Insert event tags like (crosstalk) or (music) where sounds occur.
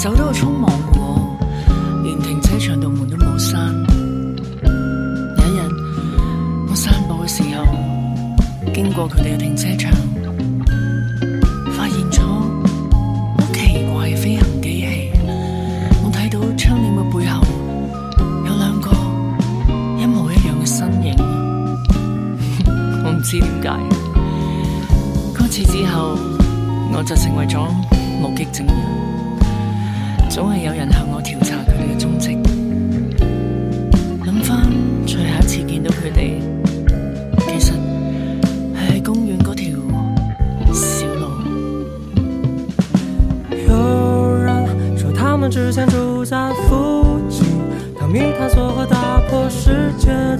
走到好匆忙過，連停車場度門都冇閂。有一日，我散步嘅時候經過佢哋嘅停車場，發現咗好奇怪嘅飛行機器。我睇到窗簾嘅背後有兩個一模一樣嘅身影。 (laughs) 我唔知點解，嗰次之後我就成為咗目擊證人。總係有人向我調查佢哋嘅蹤跡。諗返，最後一次見到佢哋，其實係喺公園嗰條小路。有人說他們只想住在附近，但冇探索和打破世界。